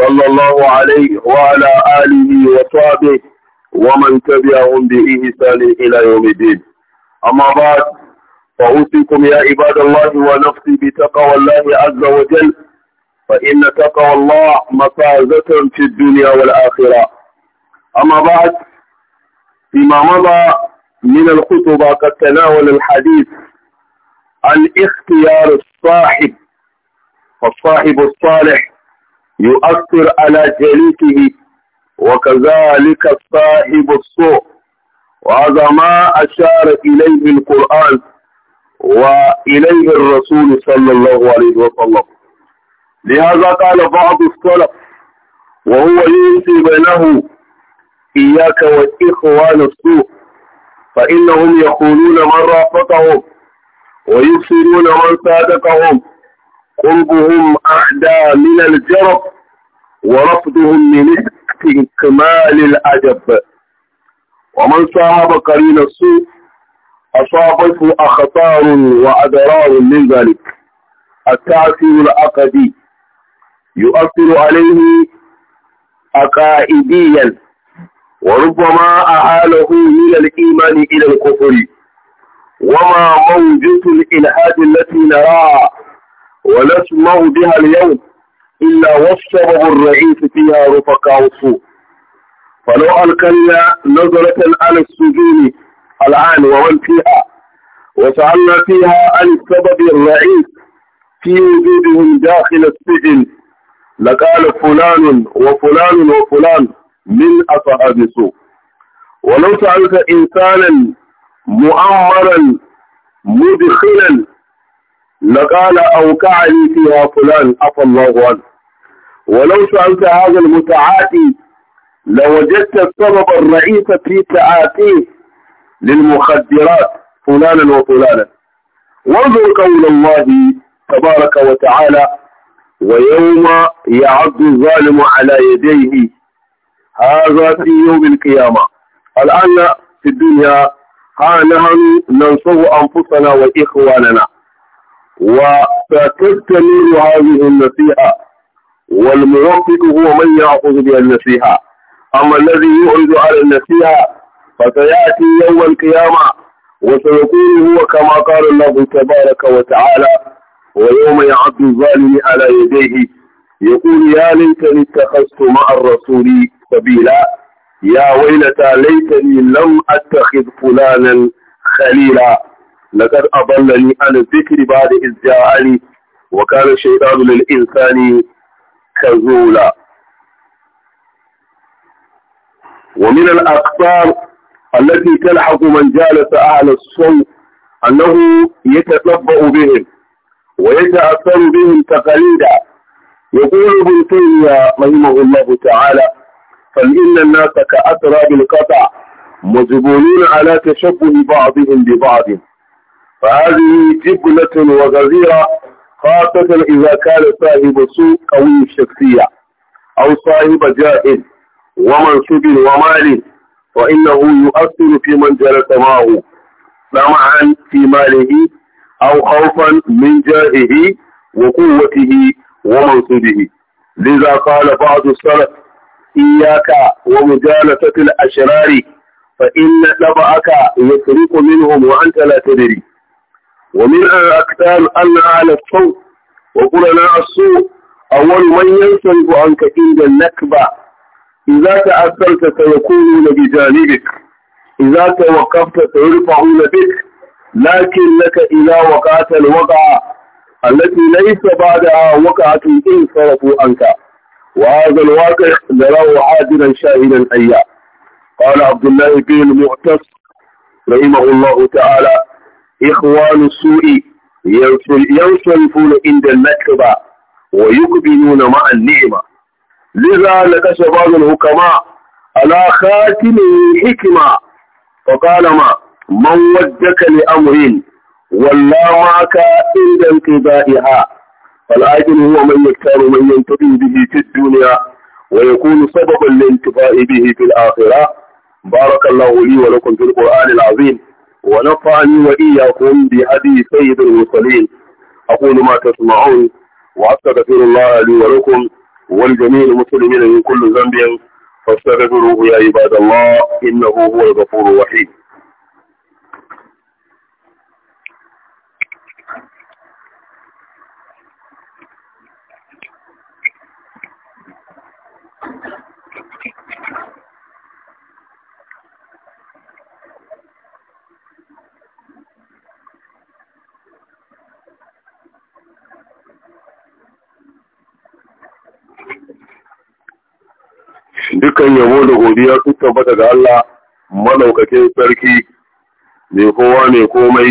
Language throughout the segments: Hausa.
صلى الله عليه وعلى آله وصحبه ومن تبعهم بإحسان إلى يوم الدين أما بعد فأوصيكم يا عباد الله ونفسي بتقوى الله عز وجل فإن تقوى الله مفازة في الدنيا والآخرة أما بعد فيما مضى من الخطبة قد تناول الحديث عن اختيار الصاحب فالصاحب الصالح يؤثر على شريكه وكذلك صاحب السوء وهذا ما أشار إليه القرآن وإليه الرسول صلى الله عليه وسلم لهذا قال بعض السلف وهو ينسي بينه إياك وإخوان السوء فإنهم يقولون من رافقهم ويفسدون من صادقهم قربهم أحدى من الجرب ورفضهم من كمال الأدب ومن صاحب قرين السوء أصابته أخطار وأضرار من ذلك التأثير العقدي يؤثر عليه أقائديا وربما أعاله من الإيمان إلى الكفر وما موجة الإلحاد التي نراها ونسمع بها اليوم إلا والسبب الرئيس فيها رفقاء السوء فلو ألقينا نظرة على السجون الآن ومن فيها وسألنا فيها عن سبب الرئيس في وجودهم داخل السجن لقال فلان وفلان وفلان من أصحاب السوء ولو سألت إنسانا مؤمرا مدخلا لقال أوقعني فيها فلان عفى الله عنه ولو سألت هذا المتعاتي لوجدت السبب الرئيس في تعاتيه للمخدرات فلانا وفلانا وانظر قول الله تبارك وتعالى ويوم يعض الظالم على يديه هذا في يوم القيامة الآن في الدنيا ها نحن ننصر أنفسنا وإخواننا وتكتمل هذه النصيحة والموفق هو من يأخذ بها النصيحة أما الذي يعرض على النصيحة فسيأتي يوم القيامة وسيكون هو كما قال الله تبارك وتعالى ويوم يعد الظالم على يديه يقول يا ليتني اتخذت مع الرسول سبيلا يا ويلتى ليتني لم أتخذ فلانا خليلا لقد أضلني عن الذكر بعد إذ جاءني وكان الشيطان للإنسان كذولا ومن الأقطار التي تلحق من جالس أهل الصوم أنه يتطبأ بهم ويتأثر بهم تقليدا يقول ابن تيمية رحمه الله تعالى فإن الناس كأثرى بالقطع مجبولون على تشبه بعضهم ببعض فهذه جبلة وغزيرة خاصة إذا كان صاحب سوء قوي الشخصية أو صاحب جاهل ومنصب ومال فإنه يؤثر في من جلس معه طمعا في ماله أو خوفا من جاهه وقوته ومنصبه لذا قال بعض السلف إياك ومجالسة الأشرار فإن لبعك يسرق منهم وأنت لا تدري ومن الأكتاب أن على الصوت وقلنا الصوت أول من ينصرف عنك عند النكبة إذا تأثرت سيكون بجانبك إذا توقفت سيرفعون بك لكن لك إذا وقعت الوقعة التي ليس بعدها وقعة انصرفوا عنك وهذا الواقع نراه عادلا شاهدا أيام قال عبد الله بن المعتص رحمه الله تعالى إخوان السوء ينصرفون عند المكتبة ويكبنون مع النعمة لذا لك بعض الحكماء على خاتم حكمة فقال ما من ودك لأمر ولا معك عند انقضائها فالعاجل هو من يكتر من ينتبه به في الدنيا ويكون سببا لانتفاء به في الآخرة بارك الله لي ولكم في القرآن العظيم ونفعني وإياكم بهدي سيد المرسلين أقول ما تسمعون وأستغفر الله لي ولكم ولجميع المسلمين من كل ذنب فاستغفروه يا عباد الله إنه هو الغفور الرحيم Dukkan yabo da godiya sun tabbata ga Allah malaukakin sarki mai kowa ne komai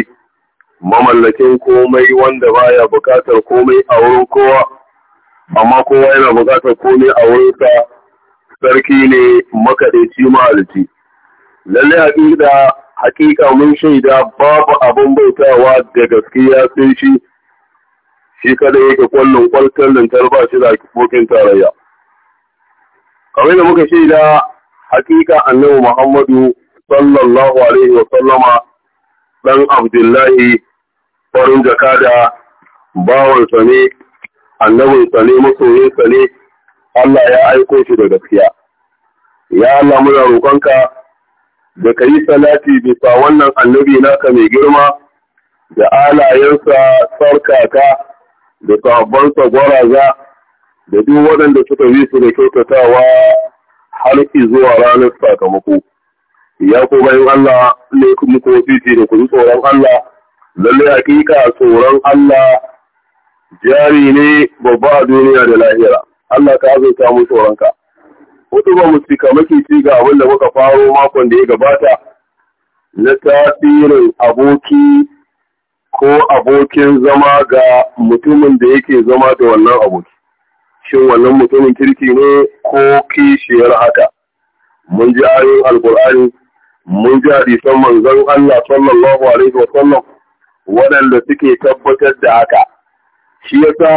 mamallakin komai wanda baya bukatar komai a wurin kowa amma kowa yana bukatar komai a wurin sarki ne makadaici mahalici lalle da haƙiƙa mun shaida babu abin bautawa da gaskiya sai shi shi kada yake kwallon kwalkan lantar ba shi da abokin tarayya kamar da muka shaida hakika annabi Muhammadu sallallahu alaihi wa sallama dan Abdullahi farin jakada bawansa ne annabinsa ne masoyinsa ne Allah ya aiko shi da gaskiya ya Allah muna roƙonka da ka yi salati bisa wannan annabi naka mai girma da alayensa sarkaka da sahabbansa gwaraza da duk waɗanda suka yi su da kyautatawa har zuwa ranar sakamako. Ya ko bayan Allah ne kuma ko fifi da ku kuma tsoron Allah, lalle hakika tsoron Allah jari ne babba a duniya da lahira. Allah ka azurta mu tsoronka. Hutu ba mu cika maki ci ga abin da muka faro makon da ya gabata na tasirin aboki ko abokin zama ga mutumin da yake zama da wannan aboki. shin wannan mutumin kirki ne ko kishiyar haka mun ji ayoyin alkur'ani mun ji hadisan manzon Allah sallallahu alaihi wa waɗanda suke tabbatar da haka shi yasa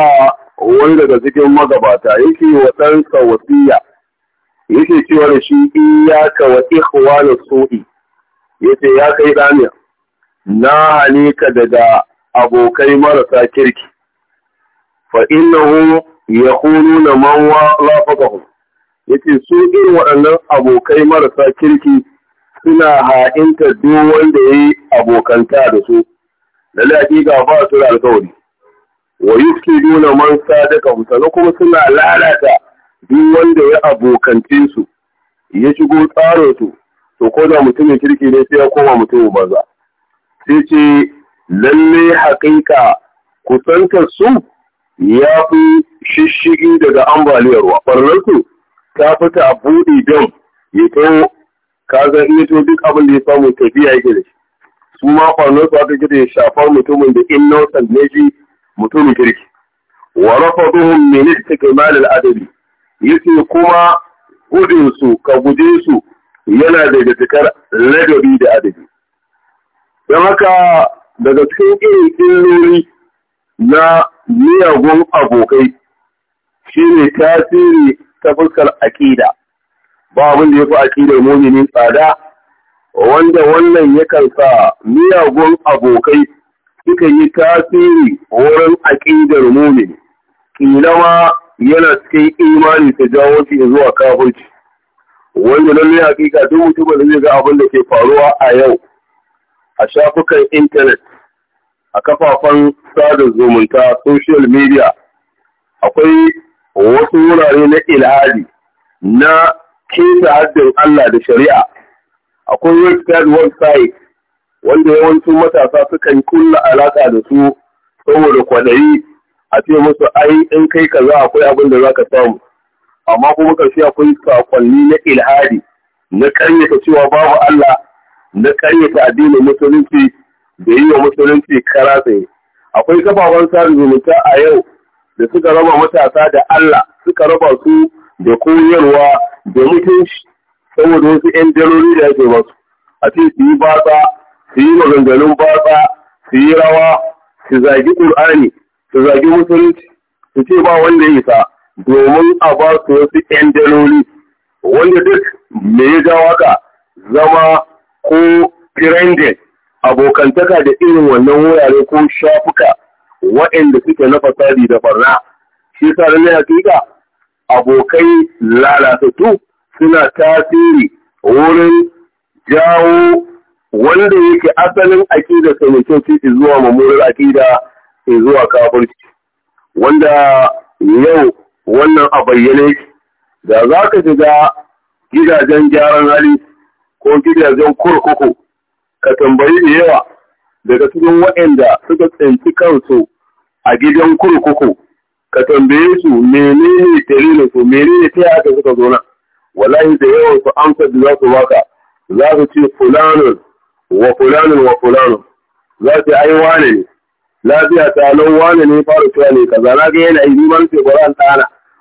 wani daga cikin magabata yake wa ɗansa wasiya yake cewa da shi iyaka wa ikhwana su'i yace ya kai daniya na hane daga abokai marasa kirki fa innahu ya na man Ya ce su irin waɗannan abokai marasa kirki suna ha'inta duk wanda ya yi abokanta da su lalle ga ba su da alkawari wa nuna man sadaka mutane kuma suna lalata duk wanda ya abokance su ya shigo tsarin su to ko da mutumin kirki ne sai ya koma mutumin banza sai ce lalle haƙiƙa kusantar su ya fi shishigi daga ambaliyar ruwa ɓarnarsu ta fita a buɗe don ya taho ka zan iya to duk abin da ya samu tafiya yake da shi su ma ɓarnarsu aka gida ya shafar mutumin da in nausan ne shi mutumin kirki wa rafaduhum min istiqmal al-adabi yace kuma gudunsu ka guje su yana da cikar ladabi da adabi don haka daga cikin irin illoli na miyagun abokai shine tasiri ta fuskar aƙida ba abin da ya fi aƙidar mumini tsada wanda wannan yakan sa miyagun abokai suka yi tasiri wurin aƙidar mumini ƙila ma yana cikin imani ta jawo shi zuwa kafirci wanda ne hakika duk mutumin da zai ga abin da ke faruwa a yau a shafukan intanet a kafafen sada zumunta social media akwai wasu wurare na ilhadi na kesa haddin Allah da shari'a akwai website website wanda yawancin matasa sukan kulla alaka da su saboda kwadayi a ce musu ai in kai kaza akwai abin da za ka samu amma kuma karshe akwai sakonni na ilhadi na karyata cewa babu Allah na karyata addinin musulunci da yi wa musulunci kara tsaye akwai kafafen sada zumunta a yau da suka raba matasa da Allah suka raba su da koyarwa da mutunci saboda wasu 'yan daloli da ake masu a ce su yi batsa su yi maganganun batsa su yi rawa su zagi ƙur'ani su zagi musulunci su ce ba wanda ya isa domin a ba su wasu 'yan daloli wanda duk me ya jawo zama ko trending abokantaka da irin wannan wurare ko shafuka waɗanda suke na fasadi da barna shi sa na hakika abokai lalatattu suna tasiri wurin jawo wanda yake asalin aƙida da mai kyau zuwa mummunar aƙida zuwa kafirci wanda yau wannan a bayyane da za ka shiga gidajen gyaran hali ko gidajen kurkuku ka tambayi da yawa daga cikin waɗanda suka tsinci kansu a gidan kurkuku ka tambaye su menene dalilin su menene ta yaka suka zo na wallahi da yawan su amsa da za su baka za su ce fulanun wa fulanun wa fulanun za su ai wane ne lafiya ta nan wane ne fara cewa ne kaza na ga yana yi man ce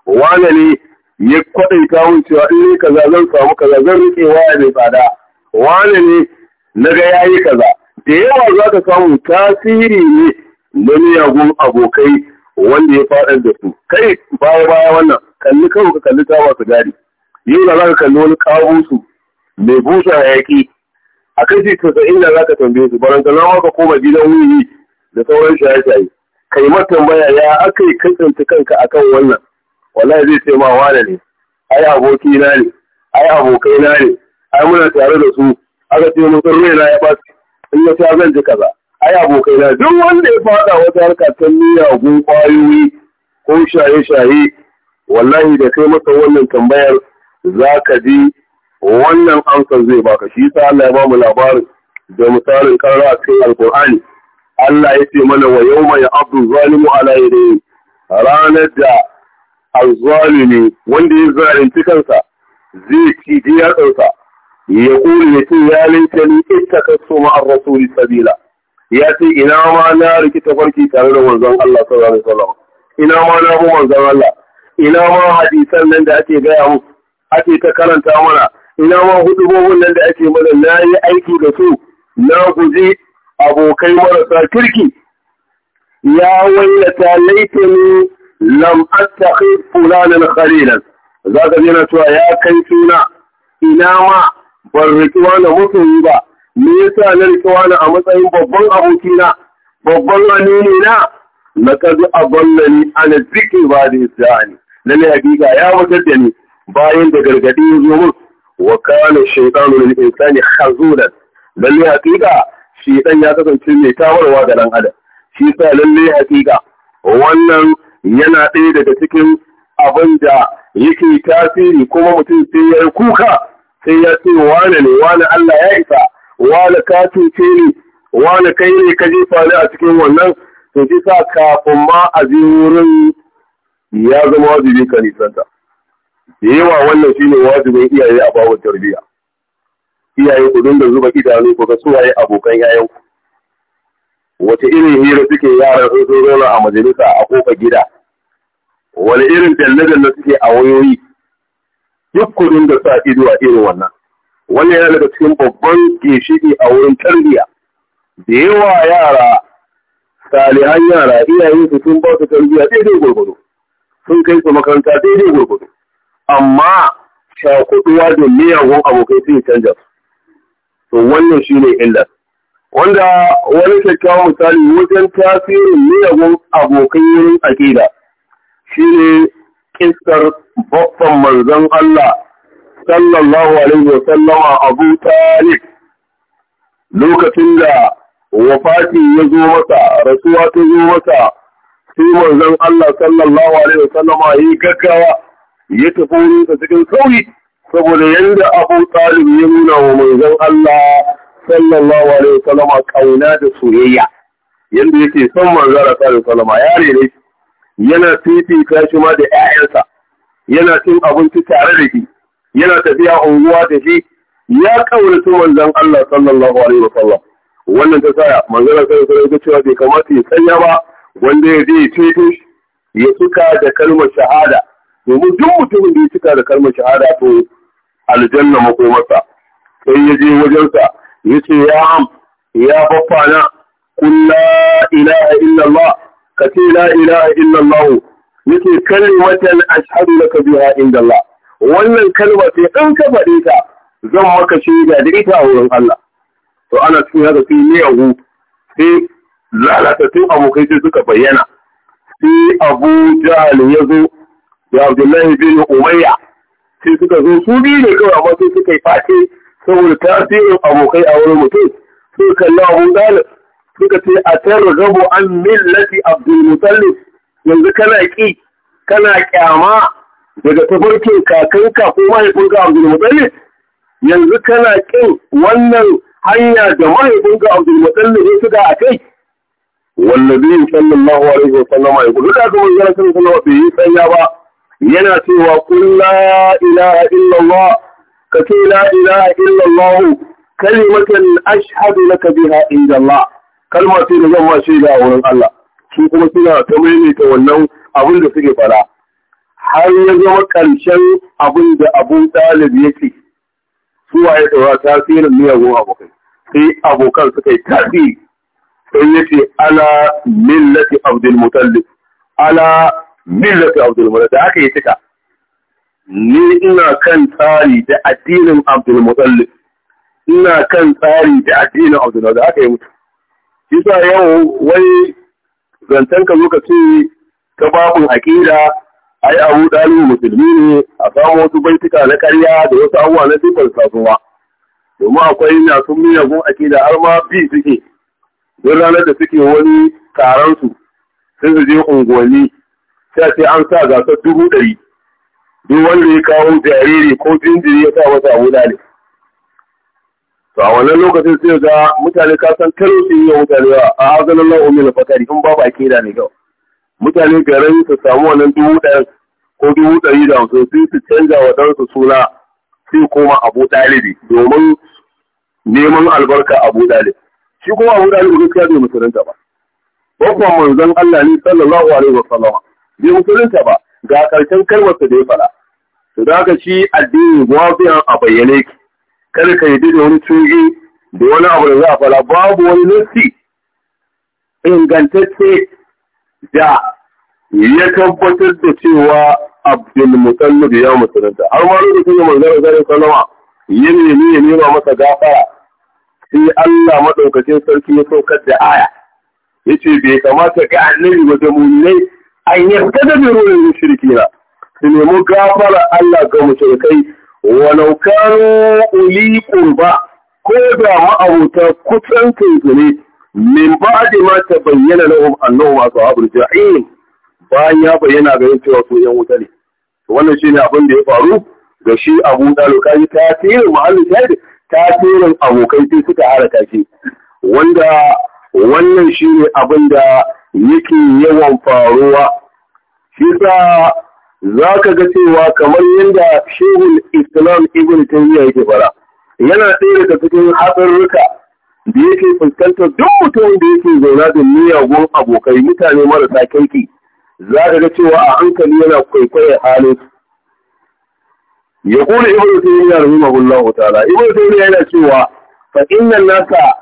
wane ne ya kwaɗaita mun cewa in kaza zan samu kaza zan riƙe waya mai tsada wane ne na ga ya yi kaza da yawa za ka samu tasiri ne na miyagun abokai wanda ya faɗar da su kai baya baya wannan kalli kawo ka kalli tawa su gari yau da za ka kalli wani kawo su mai busa hayaki a kai ce inda za ka tambaye su na ka koma gidan wuyi da sauran shaye-shaye kai matambaya ya aka yi kasance kanka akan wannan wallahi zai ce ma wane ne ai abokina ne ai abokai ne ai muna tare da su aka ce mun san raina ya baci in ya sa zan ji kaza ai abokai na duk wanda ya fada wata harka ta miyagun kwayoyi ko shaye-shaye wallahi da kai masa wannan tambayar za ka ji wannan amsar zai baka shi sa Allah ya ba mu labarin da misalin karra a cikin alkur'ani Allah ya ce mana wa yawma ya abdu zalimu ala yadayhi ranar da azzalimi wanda ya zalunci kansa zai ci kansa. ya ƙuri ya ce ya laita ni ita ka so ma'ar rasuli sabila ya ce ina ma na rikita farki tare da manzon Allah sallallahu alaihi wasallam ina ma na bi manzon Allah ina ma nan da ake gaya ta karanta mana ina ma hudubobin nan da ake mana na yi aiki da su na guji abokai marasa kirki ya wailata laitani lam attakhid fulanan khalilan zaka yana cewa ya kai suna ina ma ban riƙi wani masoyi ba me yasa na riƙi wani a matsayin babban abokina babban amini na na kazu a ballani na jiki ba da isa'ani lalle hakika ya wutar da ni bayan da gargaɗi ya zo min wa kana shaytanu lil insani khazulan lalle hakika ɗan ya kasance mai tawarwa ga dan adam shi sa lalle hakika wannan yana ɗaya daga cikin abin da yake tasiri kuma mutum sai ya kuka sai ya ce wane ne wane Allah ya isa wane ka cuce ni wane kai ne ka jefa ni a cikin wannan to ji sa kafin ma a je wurin ya zama wajibi ka nisanta yawa wannan shine wajibin iyaye a bawa tarbiyya iyaye ku dinga zuba idanu ku ga suwaye abokan yayanku wace irin hira suke yaran sun zo a majalisa a kofar gida wani irin dalle talle suke a wayoyi duk ku da sa ido a irin wannan wannan yana daga cikin babban gishiri a wurin tarbiyya da yawa yara salihan yara iyayen su sun ba su tarbiya daidai gurgudu sun kai su makaranta daidai gurgudu amma shakuduwa da miyagun abokai sun canja to wannan shi ne illar wanda wani kyakkyawan misali wajen tasirin miyagun abokai yin aƙida shine iskar babban manzon Allah sallallahu alaihi wa sallama Abu Talib lokacin da wafati ya zo masa rasuwa ta zo masa sai manzon Allah sallallahu alaihi wa sallama yi gaggawa ya tafi wurinsa cikin sauri saboda yadda Abu Talib ya nuna wa manzon Allah sallallahu alaihi wa sallama kauna da soyayya yanda yake son manzon Allah sallallahu alaihi wa sallama ya rene shi yana fifita shi ma da ‘ya'yansa, yana cin abinci tare da shi, yana tafiya unguwa da shi, ya ƙaunaci manzan Allah sallallahu alaihi wa Wannan ta sa manzon Allah sallallahu alaihi cewa bai kamata ya sanya ba wanda ya je ya shi ya cika da kalmar shahada. Domin duk mutumin da ya cika da kalmar shahada to aljanna makomarsa. Sai ya je wajensa ya ce ya am ya baffana kun ilaha illallah ka ce la ilaha illallah yake kalmatan ashhadu laka biha inda Allah wannan kalma sai in ka faɗe ta zan maka shaida da ita a wurin Allah to ana cikin haka sai ne yahu sai lalata lalatattun abokai sai suka bayyana sai Abu Jahl ya zo da Abdullahi bin Umayya sai suka zo su biyu ne kawai amma sai suka yi face saboda tasirin abokai a wurin mutum sai kallon Abu Talib suka ce a targhabu an millati abdul mutallib yanzu kana ki kana kyama daga tafarkin kakanka ko mahaifinka abdul mutallib yanzu kana kin wannan hanya da mahaifinka abdul mutallib ya shiga a kai wallazi sallallahu alaihi wa sallama ya gudu da kuma yana sanin sallama bai yi sanya ba yana cewa kun la ilaha illallah ka ce la ilaha illallah kalimatan ashhadu laka biha inda Allah kalma ce da zan ma shaida da wurin Allah su kuma suna ta maimaita wannan abin da suke fara har ya zama ƙarshen abin da abu ɗalib ya ce su waye ɗaura tasirin miyagun abokai sai abokan suka yi tasiri sai ya ce ala millati abdul mutallib ala millati abdul mutallib da aka yi cika ni ina kan tsari da addinin abdul mutallib ina kan tsari da addinin abdul mutallib da aka yi mutu Bisa yau wai zancen ka zo ka ta babin aƙida ai abu ɗalin musulmi ne a samu wasu baituka na karya da wasu abuwa na sifar sasuwa Domin akwai masu miyagun aƙida har ma bi suke. Don ranar da suke wani taron su sai su je unguwanni sai ce an sa gasar dubu ɗari. Duk wanda ya kawo jariri ko jinjiri ya sa masa abu ɗalin. to a wannan lokacin sai ga mutane ka san karo su yi wa mutane wa a hazanin lahu min fakari in ke da ne kawai mutane garin su samu wannan dubu ɗaya ko dubu ɗari da hamsin sai su canza wa ɗansu suna sai koma abu ɗalibi domin neman albarka abu ɗalibi shi kuma abu ɗalibi gaskiya bai musulunta ba babban manzon Allah ne sallallahu alaihi wa sallama bai musulunta ba ga karshen kalmarsa da ya faɗa to da haka shi addini gwafiyan a bayyane ki kada ka yi da wani cuji da wani abu da za a fara babu wani nassi ingantacce da ya tabbatar da cewa da ya mutunanta har ma lokacin da manzara zai sallama ya nemi ya nema masa gafara sai Allah madaukakin sarki ya saukar da aya yace bai kamata ga annabi ba da mulai an yarda da ruwan shirki na su nemi gafara Allah ga mushrikai walau kanu uli ko da ma'abuta kusan su ne min ba'di ma na lahum annahum ashabul ja'in bayan ya bayyana ga yin cewa su yan wuta ne wannan shine abin da ya faru da shi Abu Dalo kaji tasirin muhallin shahid tasirin abokai sai suka haraka shi wanda wannan shine abin da yake yawan faruwa shi sa za ka ga cewa kamar yadda shehul islam ibn ya yake fara yana ɗaya daga cikin hatsarurruka da yake fuskantar duk mutumin da yake zauna da miyagun abokai mutane marasa kirki za ka ga cewa a hankali yana kwaikwayo halin ya kula ibn taymiya rahimahullahu ta'ala ibn taymiya yana cewa fa innan nasa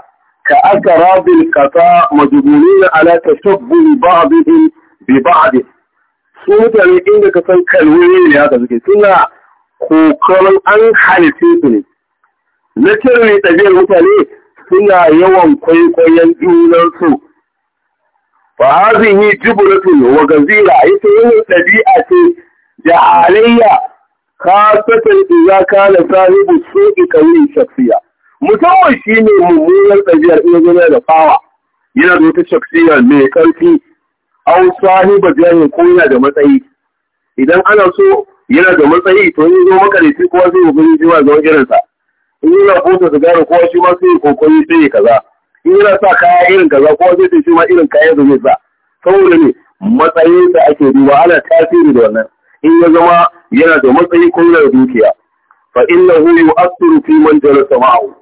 ka aka rabin kasa majbulina ala tashabbul ba'dihim bi ba'dihim su mutane inda ka san kalmomi ne haka suke suna kokarin an halitta su ne na cire ɗabi'ar mutane suna yawan kwaikwayon junansu fa yi jibratun wa gazira ita yin ɗabi'a ce da halayya da idza da sahibu su'i kawin shakhsiya musamman shine mummunar ɗabi'ar iya da fawa yana da wata shaksiya mai ƙarfi au sahiba jahin ko yana da matsayi idan ana so yana da matsayi to in zo makarici kowa sai ya guri zuwa ga irin sa in yana kota sigara kowa shi ma sai ya kokari sai ya kaza in yana sa kaya irin kaza kowa sai shi ma irin kaya da zai sa saboda ne matsayin da ake duba ana tasiri da wannan in ya zama yana da matsayi ko yana da dukiya fa hu yu'athiru fi man jalasa ma'ahu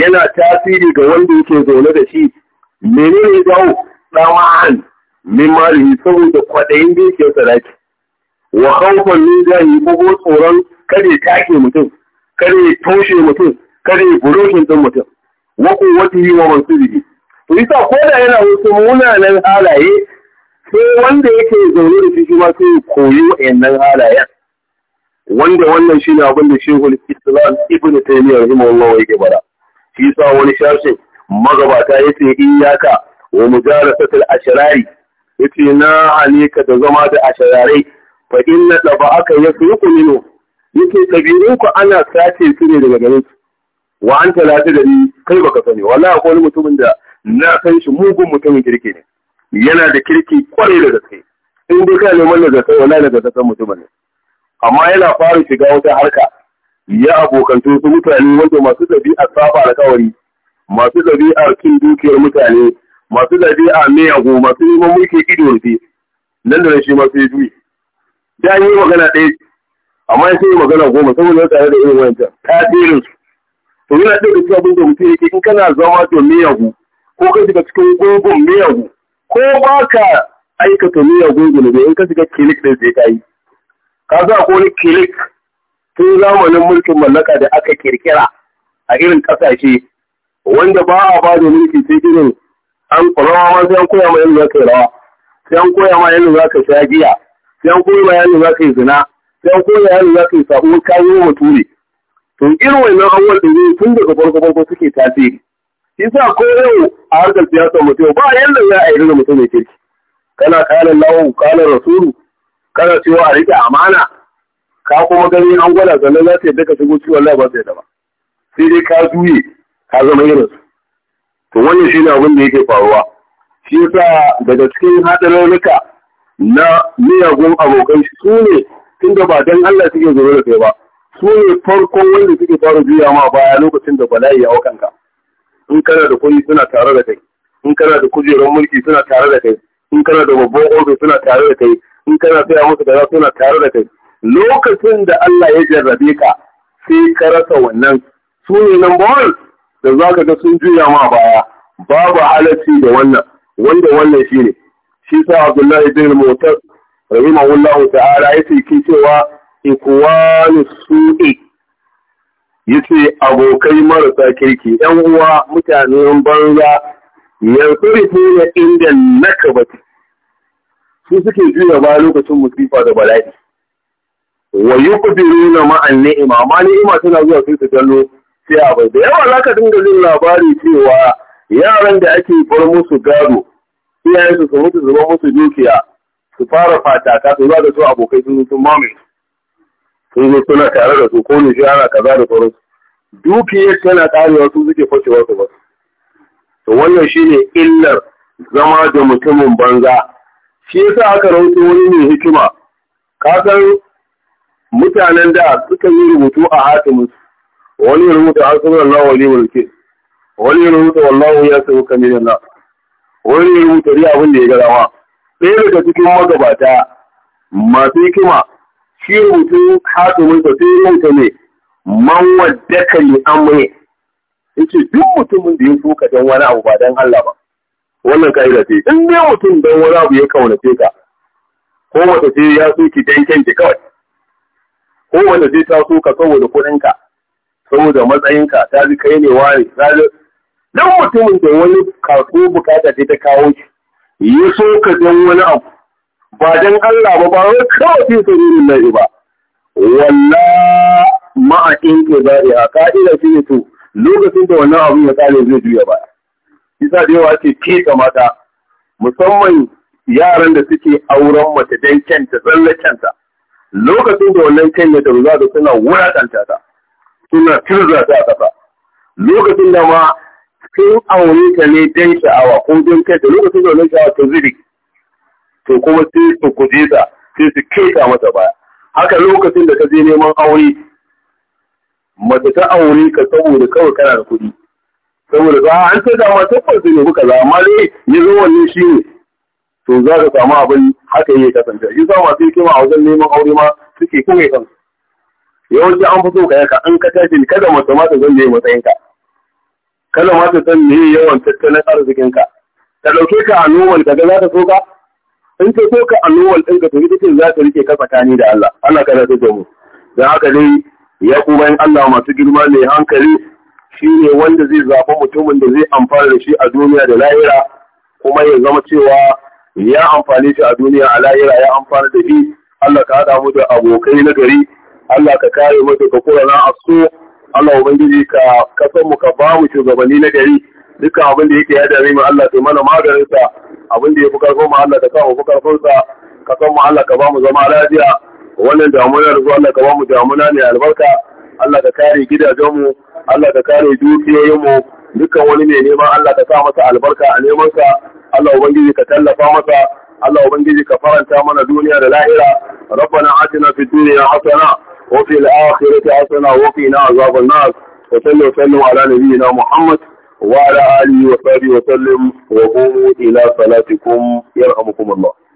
yana tasiri ga wanda yake zaune da shi menene ya dawo tsama'an min malihi saboda kwaɗayin dukiyar sadaki wa khawfan min jahi ko ko tsoron kare take mutum kare toshe mutum kare burushin din mutum wa quwwatihi wa mansubihi to isa ko da yana wasu munanan halaye sai wanda yake zaune da shi masu ma sai koyo wayannan halayen wanda wannan shine abin da Sheikhul Islam Ibn Taymiyyah rahimahullah yake bara shi sa wani shashin magabata yace iyaka wa sassan ashirari. yace na alika da zama da asharai fa inna su yasruqu minhu yake kabiru ku ana sace su ne daga garin su wa talata da ni kai baka sani wallahi akwai wani mutumin da na san shi mugun mutumin kirki ne yana da kirki kwarai da gaske in dai ka neman da gaske wallahi da gaske mutumin ne amma yana fara shiga wata harka ya abokanto su mutane wanda masu dabi'a saba alƙawari. masu dabi'a kin dukiyar mutane masu dabi'a mai yago masu neman mulki ido rufe nan da shi masu yi juyi da yi magana ɗaya amma ya sai magana goma saboda tare da irin wancan tasirin su to yana ɗaya da cikin abin da mutum yake in kana zama to miyagu ko ka shiga cikin gungun miyagu ko ba ka aikata miyagun zunubi in ka shiga kilik da zai kayi ka za ko ni kilik tun zamanin mulkin mallaka da aka kirkira a irin ƙasashe wanda ba a ba da mulki sai irin an rawa ma sai an koya ma yadda za ka yi rawa sai an koya ma yadda za ka sha giya sai an koya ma yadda za ka yi zina sai an koya yadda za ka yi sabo kawo wa ture to irin wannan abubuwan da zai tun daga farko farko suke tasiri yasa ko yau a harkar siyasar mutum ba yadda za a yi rina mutum mai kirki kana kala lahu kala rasulu kana cewa a rike amana ka kuma gani an gwada sannan za ta yadda ka shigo ciwon labar sai da ba sai dai ka juye ka zama irinsu to wannan shi ne abin da yake faruwa shi yasa daga cikin hadarurruka na miyagun abokan shi su ne tunda ba dan Allah suke zuwa da kai ba su ne farkon wanda suke fara juya ma baya lokacin da bala'i ya aukanka in kana da kuɗi suna tare da kai in kana da kujerar mulki suna tare da kai in kana da babban ofis suna tare da kai in kana tsaya musu da suna tare da kai lokacin da Allah ya jarrabe ka sai ka rasa wannan su ne number one da za ka ga sun juya ma baya babu halatti da wannan wanda wannan shi ne shi sa abdullahi bin motar wallahu ta'ala ya ki cewa ikwani su'i yace abokai marasa kirki yan uwa mutanen banza yanzu ya inda nakabati su suke juya ba lokacin musifa da bala'i wa yuqdiruna ma'an ni'ima ma ni'ima tana zuwa sai su dallo gaskiya bai da yawa za ka dinga jin labari cewa yaran da ake bar musu gado iyayen su mutu zuba musu dukiya su fara fataka su da su abokai sun sun mamaye sun zo suna tare da su ko ne shi ana kaza da su dukiyar tana karewa su suke fashewa su ba to wannan shine illar zama da mutumin banza shi yasa aka rahoto wani mai hikima ka san mutanen da suka yi rubutu a hatimin wani ya rubuta asibin Allah wani mulki wani ya rubuta wallahu ya sabu kamilin na wani ya rubuta riya abin da ya ga dama Sai daga cikin magabata masu hikima shi rubutu hatimin sa sai manta ne man waddaka li amri yace duk mutumin da ya suka dan wani abu ba dan Allah ba wannan kaida ce in dai mutum dan wani abu ya kaunace ka ko wata ce ya soki dan kanki kawai ko wata ce ta soka saboda kuɗinka saboda matsayinka ta ji kai ne wani ta dan mutumin da wani kaso bukata ta kawo shi yi so ka dan wani abu ba dan Allah ba ba wai kawai fi sabilillahi ba walla ma'a ke za a ka'ida shi ne to lokacin da wannan abu ya kare zai juya ba isa da yawa ce ke mata musamman yaran da suke auren mace dan kyanta tsallakanta lokacin da wannan kyan ya za ta suna wuratanta ta suna turza ta kasa. lokacin da ma sun aure ta ne dan sha'awa ko don kai da lokacin da wani sha'awa ta zirik to kuma sai su kuje ta sai su keta mata baya haka lokacin da ka je neman aure mace ta aure ka saboda kawai kana da kuɗi saboda za an ta dama tabbas ne kuka za amma dai ya zo wannan shi ne to za ka samu abin haka yi kasance Yi sa masu hikima a wajen neman aure ma suke kuma kansu yawanci an fi so ka yaka an ka tashi kada mace ma ta san matsayin ka kada ma ta san me yawan tattalin arzikin ka ta dauke ka a normal kaga za ta so ka in ta so ka a din ka to ita za ta rike ka tsakani da Allah Allah ka ta da mu dan haka dai ya kuma in Allah masu girma mai hankali shi ne wanda zai zaɓi mutumin da zai amfana da shi a duniya da lahira kuma ya zama cewa ya amfani shi a duniya a lahira ya amfana da shi Allah ka haɗa mu da abokai na gari Allah ka kare mu daga kurana a so Allah ubangiji ka kasan mu ka bamu shugabanni na gari dukkan abin da yake ya dare mu Allah ka mana maganin sa abin da yafi karfin mu Allah ka kawo karfin sa ka san mu Allah ka bamu zama lafiya wannan damuna da Allah ka bamu damuna ne albarka Allah ka kare gidajen mu Allah ka kare dukiyoyin mu dukkan wani mai neman Allah ka sa masa albarka a neman sa Allah ubangiji ka tallafa masa Allah ubangiji ka faranta mana duniya da lahira ربنا آتنا في الدنيا حسنة وفي الآخرة حسنة وقنا عذاب النار وصلوا وسلم على نبينا محمد وعلى آله وصحبه وسلم وقوموا إلى صلاتكم يرحمكم الله